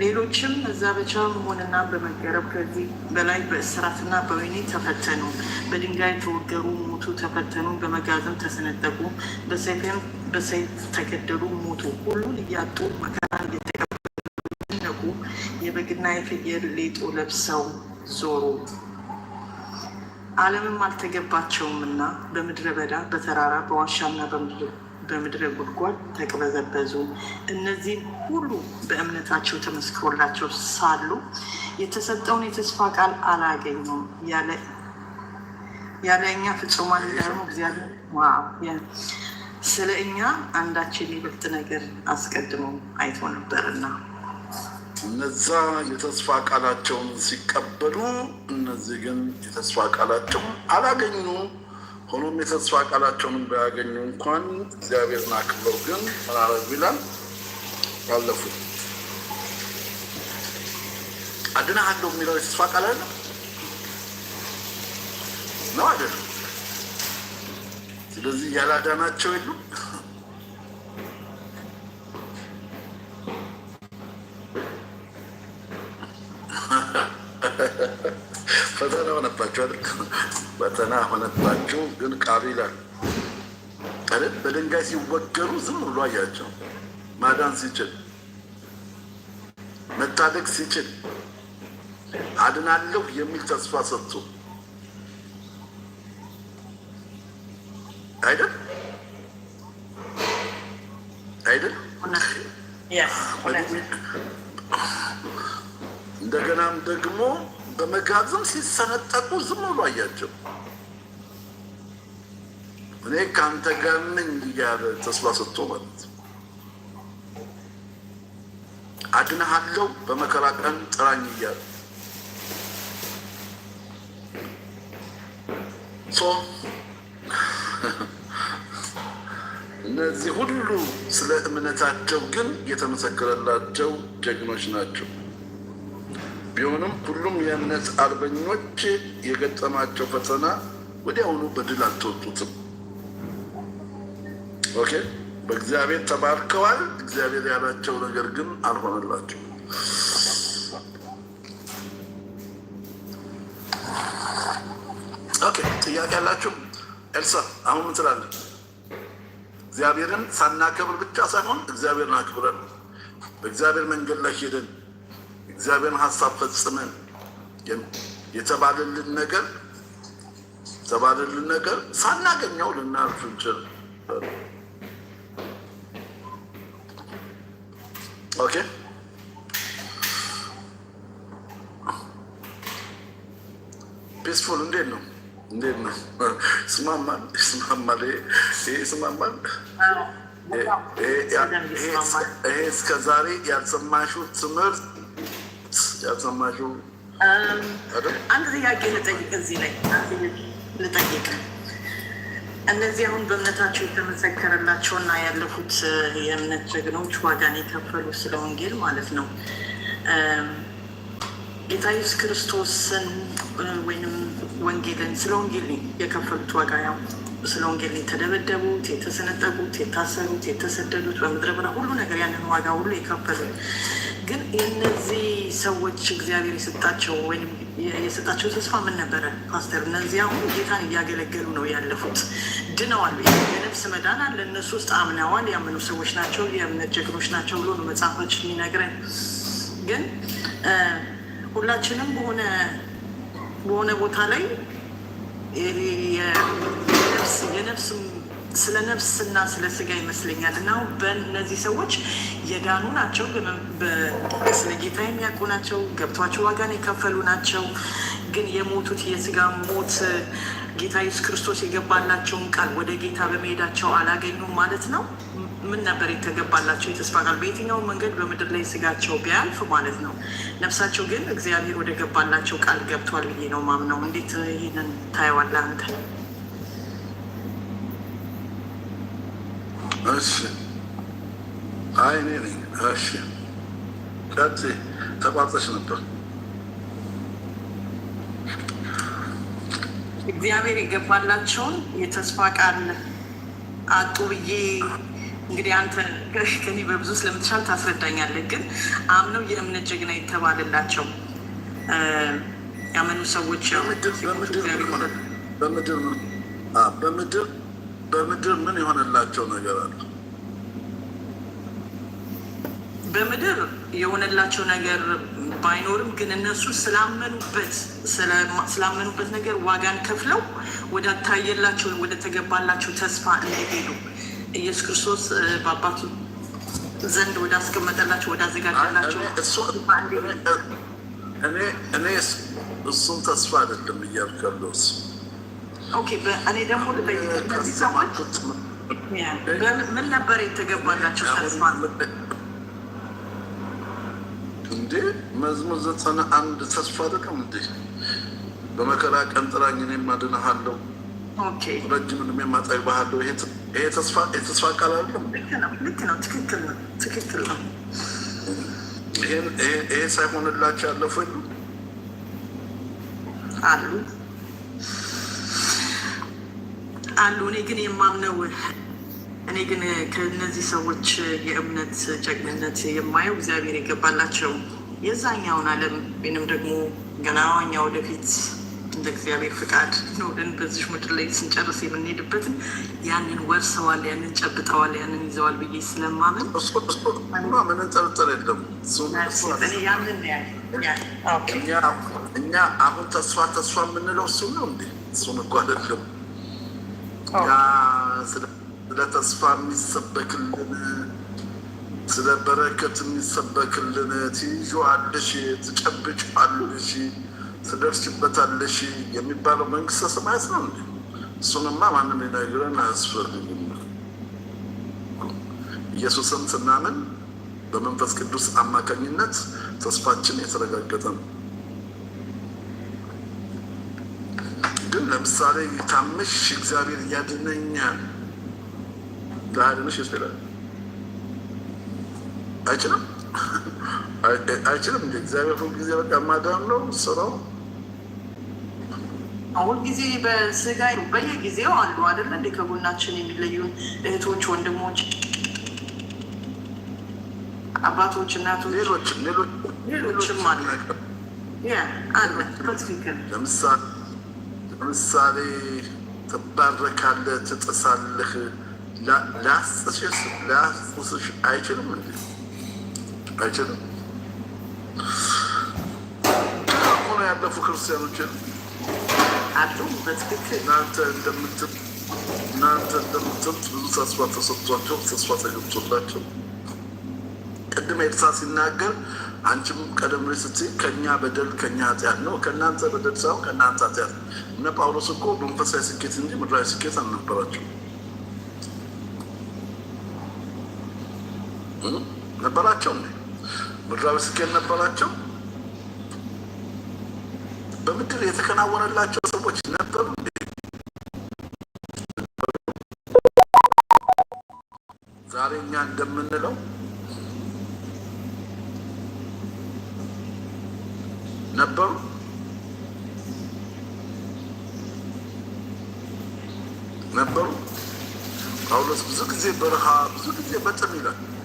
ሌሎችም እዛ በቻሉ መሆንና በመገረብ ከዚህ በላይ በእስራትና በወህኒ ተፈተኑ፣ በድንጋይ ተወገሩ፣ ሞቱ፣ ተፈተኑ፣ በመጋዘን ተሰነጠቁ፣ በሰይፍ ተገደሉ፣ ሞቱ። ሁሉን እያጡ መከራ እየተቀበሉ የበግና የፍየል ሌጦ ለብሰው ዞሩ። ዓለምም አልተገባቸውምና በምድረ በዳ በተራራ በዋሻና በምድር በምድረ ጉድጓድ ተቅበዘበዙ። እነዚህም ሁሉ በእምነታቸው ተመስክሮላቸው ሳሉ የተሰጠውን የተስፋ ቃል አላገኙም። ያለ እኛ ፍጹማን ያርሙ እግዚአብሔር ስለ እኛ አንዳችን የሚበልጥ ነገር አስቀድሞ አይቶ ነበርና እነዛ የተስፋ ቃላቸውን ሲቀበሉ፣ እነዚህ ግን የተስፋ ቃላቸውን አላገኙ ሆኖም የተስፋ ቃላቸውንም ባያገኙ እንኳን እግዚአብሔርን አክብረው ግን ተራረጉ ይላል ያለፉ አድናሃለሁ የሚለው የተስፋ ቃል አለ ነው አይደለም። ስለዚህ ያላዳናቸው የሉም። ስትወድቅ በተና ሆነባቸው። ግን ቃሉ ይላል አይደል? በድንጋይ ሲወገሩ ዝም ብሎ አያቸው። ማዳን ሲችል መታደግ ሲችል አድናለሁ የሚል ተስፋ ሰጥቶ አይደል አይደል? እንደገናም ደግሞ በመጋዝም ሲሰነጠቁ ዝም ብሎ አያቸው። እኔ ከአንተ ጋር ነኝ እያለ ተስፋ ሰጥቶ ማለት አድንሃለው፣ በመከራ ቀን ጥራኝ እያለ እነዚህ ሁሉ ስለ እምነታቸው ግን የተመሰከረላቸው ጀግኖች ናቸው። ቢሆንም ሁሉም የእምነት አርበኞች የገጠማቸው ፈተና ወዲያውኑ በድል አልተወጡትም። ኦኬ፣ በእግዚአብሔር ተባርከዋል። እግዚአብሔር ያላቸው ነገር ግን አልሆነላቸው። ኦኬ፣ ጥያቄ ያላችሁ ኤልሳ አሁን ምን ትላለህ? እግዚአብሔርን ሳናከብር ብቻ ሳይሆን እግዚአብሔርን አክብረን በእግዚአብሔር መንገድ ላይ ሄደን እግዚአብሔርን ሀሳብ ፈጽመን የተባለልን ነገር የተባለልን ነገር ሳናገኘው ልናርፍ እንችል። ኦኬ ፒስፉል እንዴት ነው? እንዴት ነው? ይስማማል? ይስማማል? ይሄ ይስማማል? ይሄ እስከ ዛሬ ያልሰማሽው ትምህርት ያልሰማሽው አንድ ጥያቄ ልጠይቅ እዚህ ላይ ልጠይቅ እነዚህ አሁን በእምነታቸው የተመሰከረላቸው እና ያለፉት የእምነት ጀግኖች ዋጋን የከፈሉ ስለ ወንጌል ማለት ነው ጌታ ኢየሱስ ክርስቶስን ወይም ወንጌልን ስለ ወንጌል የከፈሉት ዋጋ ያው ስለ ወንጌል የተደበደቡት፣ የተሰነጠቁት፣ የታሰሩት፣ የተሰደዱት በምድረ በዳ ሁሉ ነገር ያንን ዋጋ ሁሉ የከፈሉ ግን የነዚህ ሰዎች እግዚአብሔር የሰጣቸው ወይም የሰጣቸው ተስፋ ምን ነበረ? ፓስተር፣ እነዚህ አሁን ጌታን እያገለገሉ ነው ያለፉት፣ ድነዋል። የነፍስ መዳን አለ እነሱ ውስጥ አምነዋል፣ ያመኑ ሰዎች ናቸው፣ የእምነት ጀግኖች ናቸው ብሎ ነው መጽሐፋችን የሚነግረን ግን ሁላችንም በሆነ በሆነ ቦታ ላይ የነፍስ ስለ ነፍስ እና ስለ ስጋ ይመስለኛል እና በእነዚህ ሰዎች የዳኑ ናቸው። ስለ ጌታ የሚያውቁ ናቸው። ገብቷቸው ዋጋን የከፈሉ ናቸው። ግን የሞቱት የስጋ ሞት ጌታ ኢየሱስ ክርስቶስ የገባላቸውን ቃል ወደ ጌታ በመሄዳቸው አላገኙም ማለት ነው። ምን ነበር የተገባላቸው የተስፋ ቃል? በየትኛው መንገድ በምድር ላይ ስጋቸው ቢያልፍ ማለት ነው። ነፍሳቸው ግን እግዚአብሔር ወደ ገባላቸው ቃል ገብቷል ብዬ ነው ማምነው። እንዴት ይህንን ታየዋለህ አንተ? እሺ፣ አይ እኔ ነኝ። እሺ፣ ቀጥይ። ተቋርጠሽ ነበር። እግዚአብሔር የገባላቸውን የተስፋ ቃል አጡ ብዬ እንግዲህ አንተ ከኔ በብዙ ስለምትሻል ታስረዳኛለህ። ግን አምነው የእምነት ጀግና የተባለላቸው ያመኑ ሰዎች በምድር በምድር ምን የሆነላቸው ነገር አለ? በምድር የሆነላቸው ነገር ባይኖርም ግን እነሱ ስላመኑበት ስላመኑበት ነገር ዋጋን ከፍለው ወደ ታየላቸው ወደ ተገባላቸው ተስፋ እንዲሄዱ ኢየሱስ ክርስቶስ በአባቱ ዘንድ ወደ አስቀመጠላቸው ወደ አዘጋጀላቸው እኔ እሱም ተስፋ አይደለም እያልከለስ እኔ ደግሞ በዚህ ሰዎች ምን ነበር የተገባላቸው ተስፋ እንዴ መዝሙር ዘተሰነ አንድ ተስፋ አደለም እንዴ? በመከራ ቀን ጥራኝ እኔም አድንሃለሁ፣ ረጅም ዕድሜ አጠግብሃለሁ። ይሄ ተስፋ ቃል አለ። ልክ ነው፣ ትክክል ነው፣ ትክክል ነው። ይሄ ሳይሆንላቸው ያለፉ አሉ አሉ። እኔ ግን የማምነው እኔ ግን ከነዚህ ሰዎች የእምነት ጀግንነት የማየው እግዚአብሔር የገባላቸው የዛኛውን ዓለም ወይንም ደግሞ ገናዋኛ ወደፊት እንደ እግዚአብሔር ፍቃድ ኖርን በዚህ ምድር ላይ ስንጨርስ የምንሄድበትን ያንን ወርሰዋል፣ ያንን ጨብጠዋል፣ ያንን ይዘዋል ብዬ ስለማምን ምንጠርጥር የለም። እኛ አሁን ተስፋ ተስፋ የምንለው እሱ ነው እንዴ? እሱን እኮ አይደለም ስለ ተስፋ የሚሰበክልን ስለ በረከት የሚሰበክልን ትይዤዋለሽ፣ ትጨብጪዋለሽ፣ ትደርሺበታለሽ የሚባለው መንግስተ ሰማያት ነው። እንዲ እሱንማ ማንም ሊነግረን አያስፈልግም። ኢየሱስን ስናምን በመንፈስ ቅዱስ አማካኝነት ተስፋችን የተረጋገጠ ነው። ግን ለምሳሌ ታምሽ እግዚአብሔር ያድነኛል ለሀድንሽ ይችላል አይችልም አይችልም እንደ እግዚአብሔር ሁልጊዜ በቃ ማዳን ነው ስራው። ሁልጊዜ በስጋ በየጊዜው አሉ አይደለ እንደ ከጎናችን የሚለዩን እህቶች፣ ወንድሞች፣ አባቶች፣ እናቶች ሌሎችም አሉ አሉ በትክክል ለምሳሌ ትባረካለህ፣ ትጥሳለህ ላስስሽ አይችልም እንዴ? አይችልም ሆነ ያለፉ ክርስቲያኖችን አሉ። በትክክል እናንተ እናንተ እንደምትሉት ብዙ ተስፋ ተሰጥቷቸው ተስፋ ተገብቶላቸው ቅድም ኤልሳ ሲናገር አንቺም ቀደም ላይ ስትይ ከእኛ በደል ከእኛ ኃጢአት ነው ከእናንተ በደል ሳይሆን ከእናንተ ኃጢአት። እነ ጳውሎስ እኮ መንፈሳዊ ስኬት እንጂ ምድራዊ ስኬት አልነበራቸው። ነበራቸው እ ምድራዊ ስኬት ነበራቸው? በምድር የተከናወነላቸው ሰዎች ነበሩ ዛሬ እኛ እንደምንለው ነበሩ ነበሩ። ጳውሎስ ብዙ ጊዜ በረሃ ብዙ ጊዜ በጥም ይላል።